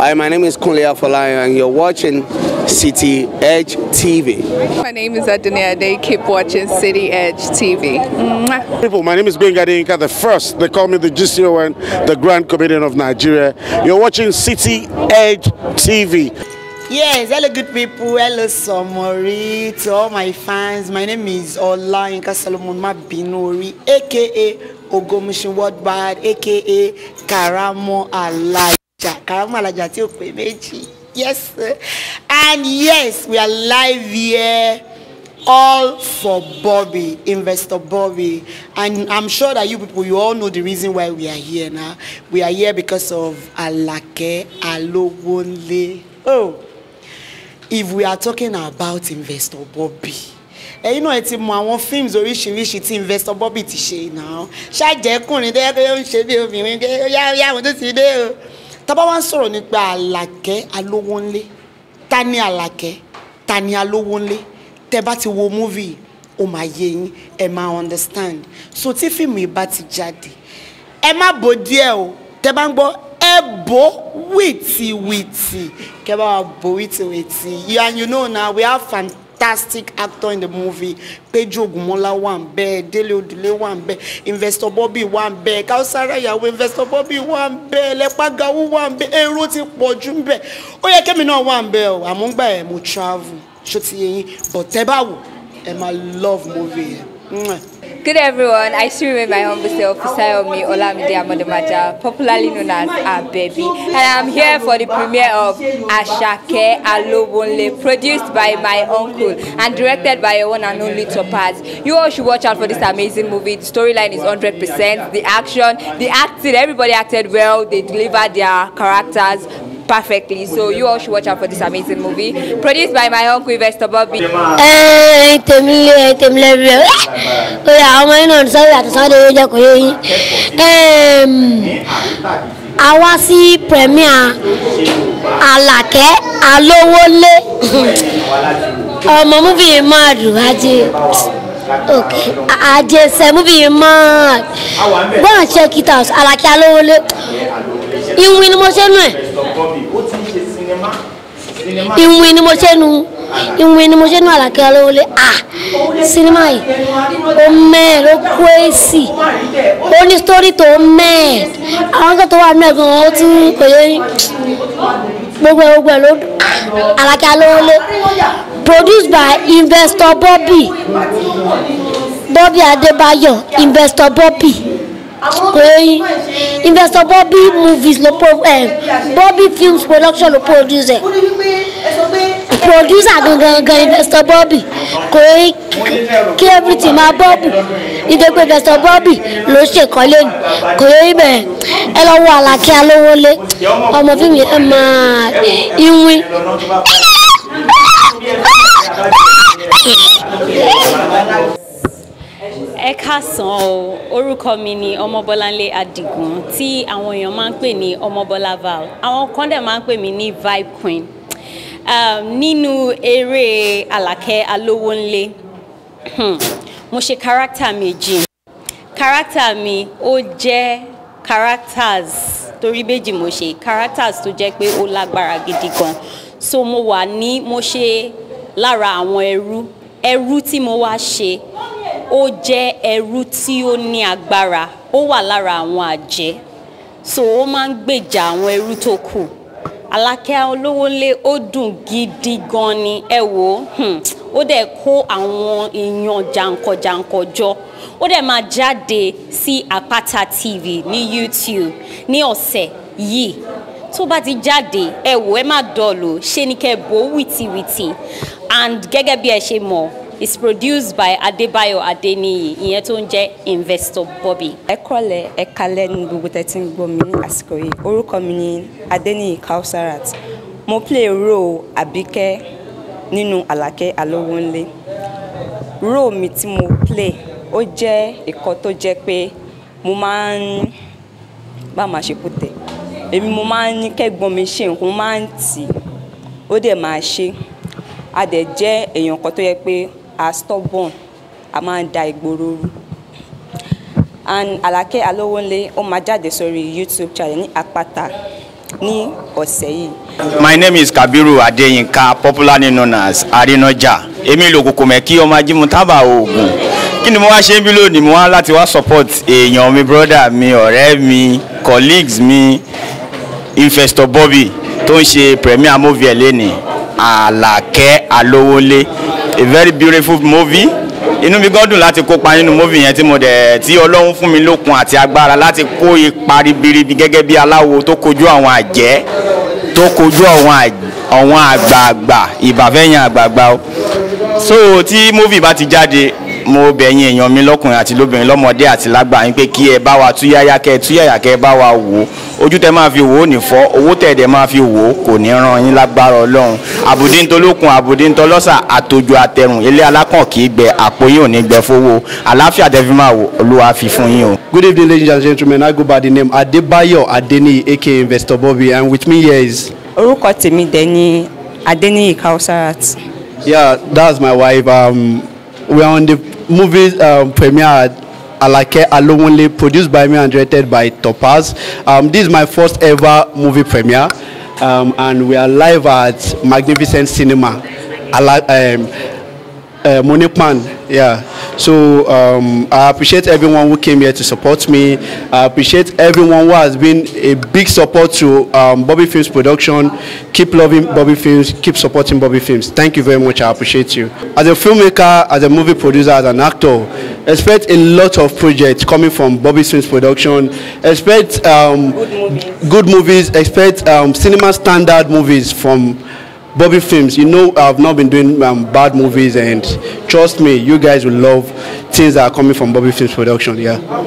Hi, my name is Kunle Afolayan and you're watching City Edge TV. My name is Adenia They Keep watching City Edge TV. Mwah. People, my name is Benga Inka, the first. They call me the GCON, the Grand Comedian of Nigeria. You're watching City Edge TV. Yes, hello good people, hello Somori, to all my fans. My name is Ola Inka Solomon Mabinori, aka Ogomushin Worldwide, aka Karamo Alive jàkàràmàlàjà tí ò pé méjì yes and yes we are live here all for Bobby, Investor Bobby. And I'm sure that you people, you all know the reason why we are here now. We are here because of Alake Alowonle. Oh, if we are talking about Investor Bobby. ẹ̀yin náà ti mọ àwọn films oríṣiríṣi tí Investor Bobby ti ṣe náà ṣáàjẹkùnrin dẹ́gbẹ́ ó ń ṣe bí obìnrin yá àwọn tó ti dé o tábà wá ń sọ̀rọ̀ nípa àlàkẹ́ alówó ńlé ta ni àlàkẹ́ ta ni alówó ńlé tẹ́ bá ti wo múvì ó máa yé yín ẹ máa understand so tí fíìmù yìí bá ti jáde ẹ má bò díẹ̀ o tẹ́ bá ń gbọ́ ẹ bò wìtìwìtì kẹ́ bá wà bò wìtìwìtì and you know now we have fantastic fantastic actor in the movie Péjú Ògúnmọ́lá wà ń bẹ Délé Odùlé wà ń bẹ Investor Bobby wà ń bẹ Kausara ìyàwó Investor Bobby wà ń bẹ Lẹ́pà Gawu wà ń bẹ èrò ti pọ̀ jù ń bẹ ó yẹ kémi náà wà ń bẹ o àmọ́ ń mo travel ṣó ti yẹ yín bọ̀tẹ́ báwo ẹ̀ máa love movie yẹn. Good everyone, I still remain my humble self, Fusayomi Olamide Amademaja, popularly known as Baby, and I'm here for the premiere of Ashake Alobonle, produced by my uncle and directed by your one and only Topaz. You all should watch out for this amazing movie. The storyline is 100%, the action, the acting, everybody acted well, they delivered their characters perfectly. So you all should watch out for this amazing movie. Produced by my uncle Investor Bobby. Hey, eh, Temile, Temile, eh, Ó yá, ọmọ yín náà sọ́wọ́ àti sọ́wọ́ lórí ẹjọ́ kò yé yín. A wá sí premier Àlàkẹ́ Alówólé. Ọmọ múfì yìí máa dùn ajé. Okay, ajé sẹ́ múfì yìí máa. Gbọ́n ṣe kìtà Àlàkẹ́ Alówólé. Ìwìn ni mo ṣe nù ẹ̀ ìwìn ni mo ṣe nu ìwìn ni mo ṣe nu àlàkẹ́ ọlọ́wọ́lé à sinimá yìí ó mẹ́ẹ̀ ló kó èsì ó ní sítórì tó mẹ́ẹ̀ àwọn kan tó wà nínú ẹ̀gbọ́n ó tún kò yẹ gbogbo ẹ̀ gbogbo ẹ̀ ló àlàkẹ́ produced by investor Bobby Bobby Adébáyọ̀ investor Bobby pé investor Bobby movies no pro eh, Bobby films production no produce ẹ producer gangan gan investor Bobby kò rí kí everything máa bọ́ọ̀bù ìdẹ́gbẹ́ investor Bobby ló ṣe kọ́ lẹ́nu kò rí bẹ́ẹ̀ ẹ lọ wọ àlàkí alówólé ọmọ fíìmù yẹn máa iwin ẹ kásán o orúkọ mi ni ọmọbọláńlé adigun tí àwọn èèyàn máa ń pè ní ọmọbọlá val àwọn kan dẹ̀ máa ń pè mí ní vibe queen um, nínú eré àlàkẹ́ alówónlé hmm, mo ṣe kárátà méjì kárátà mi ó jẹ́ characters torí méjì mo ṣe characters tó jẹ́ pé ó lágbára gidi gan so mo wà ní mo ṣe lára àwọn ẹrú ẹrú tí mo wá ṣe ó jẹ́ ẹrú tí ó ní agbára ó wà lára àwọn àjẹ́ so ó máa ń gbèjà àwọn ẹrú tó kù Alákẹ́ Olówónlé ó dùn gidi gan ni ẹ wò ó hmm, ó dẹ̀ kó àwọn èèyàn jàǹkànjàǹkàn jọ ó dẹ̀ máa jáde sí Àpáta TV ní YouTube ní ọ̀sẹ̀ yìí tó bá ti jáde ẹ wò ẹ má dọ̀lù ṣé ni kẹ́ bò wìtìwìtì and gẹ́gẹ́ bí ẹ ṣe mọ̀ is produced by Adebayo Adéníyì ìyẹn tó ń jẹ́ Investor Bobby. ẹ kọ́lẹ̀ ẹ kalẹ̀ ní gbogbo tẹ́tí ń gbọ́ mi ní àsìkò yìí orúkọ mi ni Adéníyì Kausarat mo play role Àbíkẹ́ nínú Àlàkẹ́ Alówónlé role mi tí mo play ó jẹ́ ẹ̀kọ́ tó jẹ́ pé mo máa ń bá màá ṣe kú èmi mo máa ń ní kẹ́gbọ́n mi ṣe nǹkan mo máa ń tì í ó dẹ̀ máa ṣe a dẹ̀ jẹ́ èèyàn kan tó yẹ pé are stubborn a máa ń da ìgboro rú and Àlàkẹ́ Alówónlé ó máa jáde sórí YouTube channel ní Àpáta ní ọ̀sẹ̀ yìí. My name is Kabiru Adeyinka popularly known as Arinaja èmi lòkùnkùn mẹ́kí ọmọ ajímútábà oògùn kí ni mo wá ṣe ń bí lónìí mo wá láti wá support èèyàn mi brother mi ọ̀rẹ́ mi colleagues mi Investor Bobby tó ń ṣe premier movie ẹ̀ lẹ́nìí Àlàkẹ́ Alówónlé a very beautiful movie inú mi gan dùn láti kópa nínú movie yẹn tí mo dẹ̀ tí ọlọ́run fún mi lókun àti agbára láti kó ipa ribiribi gẹ́gẹ́ bí aláwo tó kojú àwọn àjẹ́ tó kojú àwọn àgbààgbà ìbàfẹ́yìn àgbààgbà o so tí movie bá ti jáde mo bẹ̀ yín èèyàn mi lọ́kùnrin àti lóbìnrin lọ́mọdé àti lágbà yín pé kí ẹ bá wa túyáyá kẹ túyáyá kẹ bá wa wò ó ojú tẹ máa fi wò ó nìfọ́ owó tẹ̀dẹ̀ máa fi wò ó kò ní ran yín lágbára ọlọ́run àbùdíntolókun àbùdíntolọ́sà àtòjò àtẹrùn ilé alákàn kì í gbẹ àpò yín ò ní gbẹ fowó àlàáfíà tẹ́fí máa wò olúwa fi fún yín o. Good evening ladies and gentlemen I go by the name Adebayo Adeni, aka Investor Bobby and with me here is. orúkọ tèmi dẹ̀ ni Adeniyi Kausarat. Yeah, that's my wife. Um, we are on the movies um, premiere Alake Alowonle, produced by me and directed by Topaz. Um, this is my first ever movie premiere, um, and we are live at Magnificent Cinema. Ala- um, uh, money plan. Yeah. So um, I appreciate everyone who came here to support me. I appreciate everyone who has been a big support to um, Bobby Films production. Keep loving Bobby Films. Keep supporting Bobby Films. Thank you very much. I appreciate you. As a filmmaker, as a movie producer, as an actor, expect a lot of projects coming from Bobby Films production. Expect um, good, movies. good movies. Expect um, cinema standard movies from Bobby Films, you know I've not been doing um, bad movies and trust me, you guys will love things that are coming from Bobby Films production, yeah.